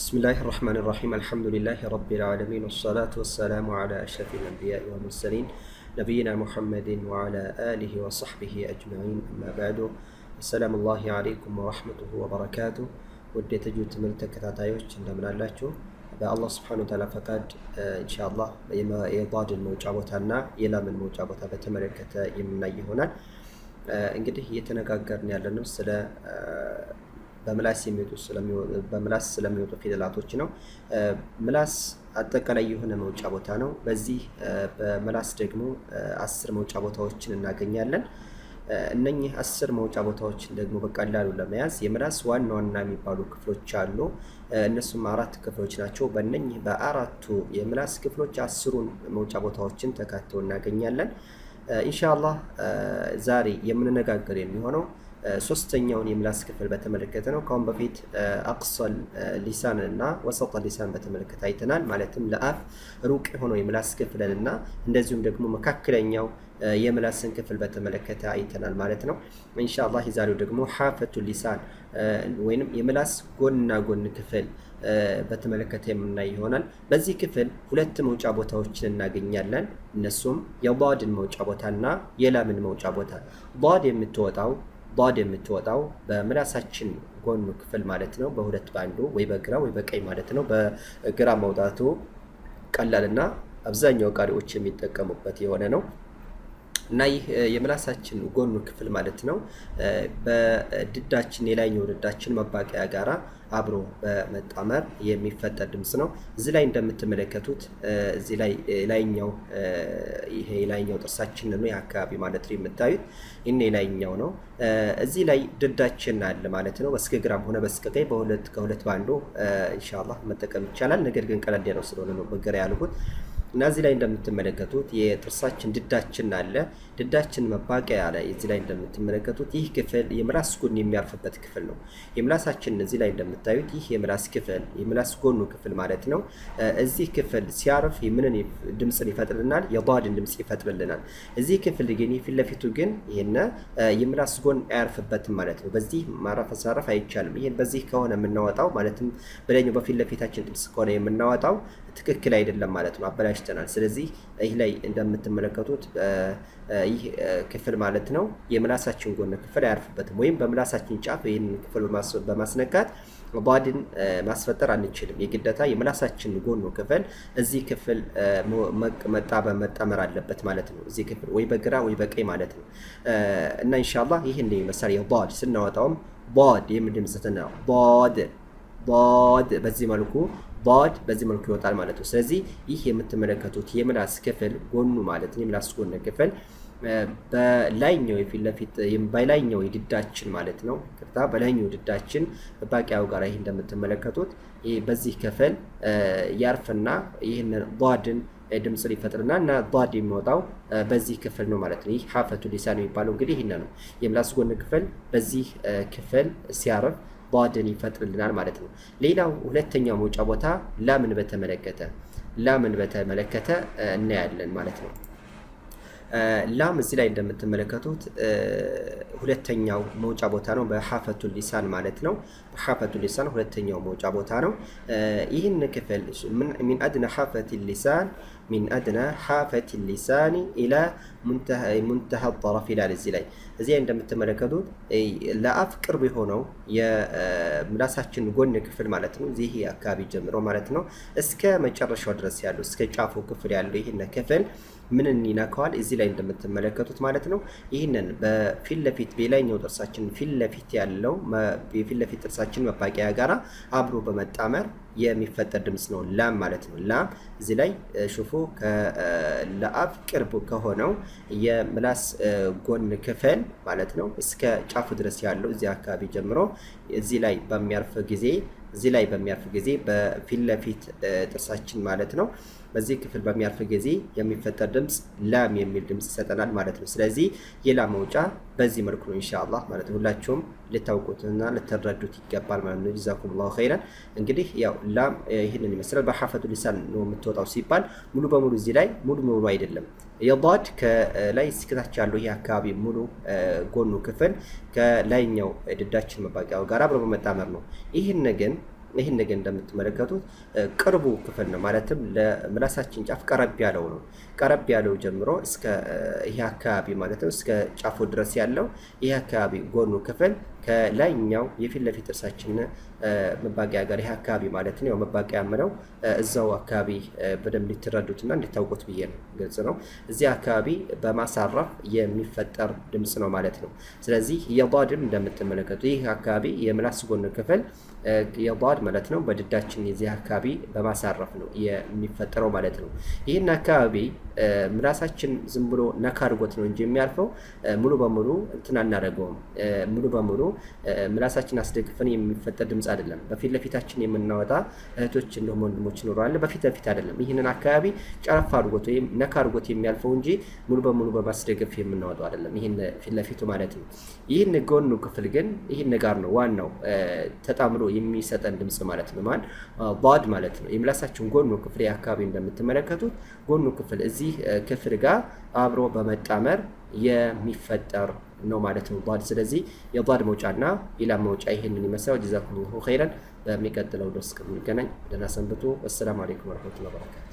بسم الله الرحمن الرحيم الحمد لله رب العالمين والصلاة والسلام على أشرف الأنبياء والمرسلين نبينا محمد وعلى آله وصحبه أجمعين أما بعد السلام الله عليكم ورحمة وبركاته ودي تجو تملت كثرة يوش من الله الله سبحانه وتعالى فقد إن شاء الله يما إيضاد الموجابتنا إلى من موجابتها بتمرير كتا يمنا يهونا إنجده يتنقى قرنيا لنفس በምላስ ስለሚወጡ ፊደላቶች ነው። ምላስ አጠቃላይ የሆነ መውጫ ቦታ ነው። በዚህ በምላስ ደግሞ አስር መውጫ ቦታዎችን እናገኛለን። እነኚህ አስር መውጫ ቦታዎችን ደግሞ በቀላሉ ለመያዝ የምላስ ዋና ዋና የሚባሉ ክፍሎች አሉ። እነሱም አራት ክፍሎች ናቸው። በእነኚህ በአራቱ የምላስ ክፍሎች አስሩን መውጫ ቦታዎችን ተካተው እናገኛለን። ኢንሻአላህ ዛሬ የምንነጋገር የሚሆነው ሶስተኛውን የምላስ ክፍል በተመለከተ ነው። ከአሁን በፊት አቅሶል ሊሳን እና ወሰጠ ሊሳን በተመለከተ አይተናል። ማለትም ለአፍ ሩቅ የሆነው የምላስ ክፍልን እና እንደዚሁም ደግሞ መካከለኛው የምላስን ክፍል በተመለከተ አይተናል ማለት ነው። ኢንሻአላህ የዛሬው ደግሞ ሀፈቱ ሊሳን ወይም የምላስ ጎንና ጎን ክፍል በተመለከተ የምናይ ይሆናል። በዚህ ክፍል ሁለት መውጫ ቦታዎችን እናገኛለን። እነሱም የባድን መውጫ ቦታና የላምን መውጫ ቦታ ባድ የምትወጣው ባድ የምትወጣው በምላሳችን ጎኑ ክፍል ማለት ነው። በሁለት በአንዱ ወይ በግራ ወይ በቀኝ ማለት ነው። በግራ መውጣቱ ቀላልና አብዛኛው ቃሪዎች የሚጠቀሙበት የሆነ ነው። እና ይህ የምላሳችን ጎኑ ክፍል ማለት ነው በድዳችን የላይኛው ድዳችን መባቂያ ጋራ አብሮ በመጣመር የሚፈጠር ድምፅ ነው። እዚህ ላይ እንደምትመለከቱት እዚህ ላይ ላይኛው ይሄ የላይኛው ጥርሳችን ነው አካባቢ ማለት ነው የምታዩት ይሄ የላይኛው ነው። እዚህ ላይ ድዳችን አለ ማለት ነው። በስከ ግራም ሆነ በስከ ቀኝ በሁለት ከሁለት ባንዱ ኢንሻአላህ መጠቀም ይቻላል። ነገር ግን ቀለል ያለው ስለሆነ ነው በገራ ያልኩት። እና እዚህ ላይ እንደምትመለከቱት የጥርሳችን ድዳችን አለ። ድዳችን መባቂያ ላይ እዚህ ላይ እንደምትመለከቱት ይህ ክፍል የምላስ ጎን የሚያርፍበት ክፍል ነው። የምላሳችን እዚህ ላይ እንደምታዩት ይህ የምላስ ክፍል የምላስ ጎኑ ክፍል ማለት ነው። እዚህ ክፍል ሲያርፍ የምንን ድምፅን ይፈጥርልናል? የዷድን ድምፅ ይፈጥርልናል። እዚህ ክፍል ግን ፊት ለፊቱ ግን ይህን የምላስ ጎን አያርፍበትም ማለት ነው። በዚህ ማረፍ አሳረፍ አይቻልም። ይህን በዚህ ከሆነ የምናወጣው ማለትም በላይኛው በፊት ለፊታችን ድምፅ ከሆነ የምናወጣው ትክክል አይደለም ማለት ነው፣ አበላሽተናል። ስለዚህ ይህ ላይ እንደምትመለከቱት ይህ ክፍል ማለት ነው የምላሳችን ጎን ክፍል አያርፍበትም፣ ወይም በምላሳችን ጫፍ ይህን ክፍል በማስነካት ባድን ማስፈጠር አንችልም። የግዴታ የምላሳችን ጎኑ ክፍል እዚህ ክፍል መጣ በመጣመር አለበት ማለት ነው። እዚህ ክፍል ወይ በግራ ወይ በቀኝ ማለት ነው እና ኢንሻላህ ይህ እንደ መሳሪ ባድ ስናወጣውም ባድ የሚል ባድ ነው በዚህ መልኩ ባድ በዚህ መልኩ ይወጣል ማለት ነው። ስለዚህ ይህ የምትመለከቱት የምላስ ክፍል ጎኑ ማለት ነው የምላስ ጎን ክፍል በላይኛው የፊት ለፊት በላይኛው የድዳችን ማለት ነው ቅርታ በላይኛው ድዳችን በባቂያው ጋር ይህ እንደምትመለከቱት በዚህ ክፍል ያርፍና ይህንን ባድን ድምፅ ሊፈጥርና እና ባድ የሚወጣው በዚህ ክፍል ነው ማለት ነው። ይህ ሀፈቱ ሊሳን የሚባለው እንግዲህ ይህን ነው የምላስ ጎን ክፍል በዚህ ክፍል ሲያርፍ ባድን ይፈጥርልናል ማለት ነው። ሌላው ሁለተኛው መውጫ ቦታ ላምን በተመለከተ ላምን በተመለከተ እናያለን ማለት ነው። ላም እዚህ ላይ እንደምትመለከቱት ሁለተኛው መውጫ ቦታ ነው። በሐፈቱ ሊሳን ማለት ነው። በሐፈቱ ሊሳን ሁለተኛው መውጫ ቦታ ነው። ይህን ክፍል ሚን አድነ ሐፈት ሊሳን ሚን አድና ሓፈት ሊሳኒ ኢላ ሙንተሃ ጠረፍ ይላል። እዚህ ላይ እዚህ ላይ እንደምትመለከቱት ለአፍ ቅርብ የሆነው የምላሳችን ጎን ክፍል ማለት ነው። እዚህ አካባቢ ጀምሮ ማለት ነው እስከ መጨረሻው ድረስ ያለው እስከ ጫፉ ክፍል ያለው ይህን ክፍል ምንን ይነካዋል? እዚህ ላይ እንደምትመለከቱት ማለት ነው። ይህንን በፊት ለፊት በላይኛው ጥርሳችን ፊት ለፊት ያለው የፊት ለፊት ጥርሳችን መባቂያ ጋራ አብሮ በመጣመር የሚፈጠር ድምፅ ነው ላም ማለት ነው። ላም እዚህ ላይ ሽፉ ለአፍ ቅርብ ከሆነው የምላስ ጎን ክፍል ማለት ነው እስከ ጫፉ ድረስ ያለው እዚህ አካባቢ ጀምሮ እዚህ ላይ በሚያርፍ ጊዜ እዚህ ላይ በሚያርፍ ጊዜ በፊት ለፊት ጥርሳችን ማለት ነው በዚህ ክፍል በሚያርፍ ጊዜ የሚፈጠር ድምፅ ላም የሚል ድምፅ ይሰጠናል ማለት ነው። ስለዚህ የላም መውጫ በዚህ መልኩ ነው ኢንሻአላህ ማለት ሁላችሁም ልታውቁትና ልትረዱት ይገባል ማለት ነው። ጀዛኩሙላሁ ኸይረን። እንግዲህ ያው ላም ይህንን ይመስላል። በሐፈቱ ሊሳን ነው የምትወጣው ሲባል ሙሉ በሙሉ እዚህ ላይ ሙሉ በሙሉ አይደለም። የዳድ ከላይ እስከታች ያለው ይህ አካባቢ ሙሉ ጎኑ ክፍል ከላይኛው ድዳችን መባቂያው ጋር አብረው በመጣመር ነው። ይህን ግን ይህን ነገር እንደምትመለከቱት ቅርቡ ክፍል ነው። ማለትም ለምላሳችን ጫፍ ቀረብ ያለው ነው። ቀረብ ያለው ጀምሮ እስከ ይህ አካባቢ ማለት ነው እስከ ጫፉ ድረስ ያለው ይህ አካባቢ ጎኑ ክፍል ከላይኛው የፊት ለፊት ጥርሳችን መባቂያ ጋር ይህ አካባቢ ማለት ነው። መባቂያ ምለው እዛው አካባቢ በደንብ እንድትረዱትና እንድታውቁት ብዬ ነው። ግልጽ ነው። እዚህ አካባቢ በማሳረፍ የሚፈጠር ድምፅ ነው ማለት ነው። ስለዚህ የዷድም እንደምትመለከቱ ይህ አካባቢ የምላስ ጎን ክፍል የዷድ ማለት ነው። በድዳችን የዚህ አካባቢ በማሳረፍ ነው የሚፈጠረው ማለት ነው። ይህን አካባቢ ምላሳችን ዝም ብሎ ነካ አድርጎት ነው እንጂ የሚያልፈው ሙሉ በሙሉ እንትን አናደርገውም ሙሉ በሙሉ ምላሳችን አስደግፈን የሚፈጠር ድምፅ አይደለም። በፊት ለፊታችን የምናወጣ እህቶች እንደሁም ወንድሞች ይኖራሉ። በፊት ለፊት አይደለም። ይህንን አካባቢ ጨረፍ አድርጎት ወይም ነካ አድርጎት የሚያልፈው እንጂ ሙሉ በሙሉ በማስደገፍ የምናወጣው አይደለም። ይህን ፊት ለፊቱ ማለት ነው። ይህን ጎኑ ክፍል ግን ይህን ጋር ነው ዋናው ተጣምሮ የሚሰጠን ድምፅ ማለት ነው። ማን ባድ ማለት ነው። የምላሳችን ጎኑ ክፍል አካባቢ እንደምትመለከቱት ጎኑ ክፍል እዚህ ክፍል ጋር አብሮ በመጣመር የሚፈጠር ነው ማለት ነው። ባድ። ስለዚህ የዷድ መውጫና ኢላም መውጫ ይህንን ይመስላል። ጀዛኩሙላሁ ኸይረን። በሚቀጥለው ደስ ከምንገናኝ ደህና ሰንብቱ። አሰላሙ አለይኩም ወረሕመቱላሂ ወበረካቱ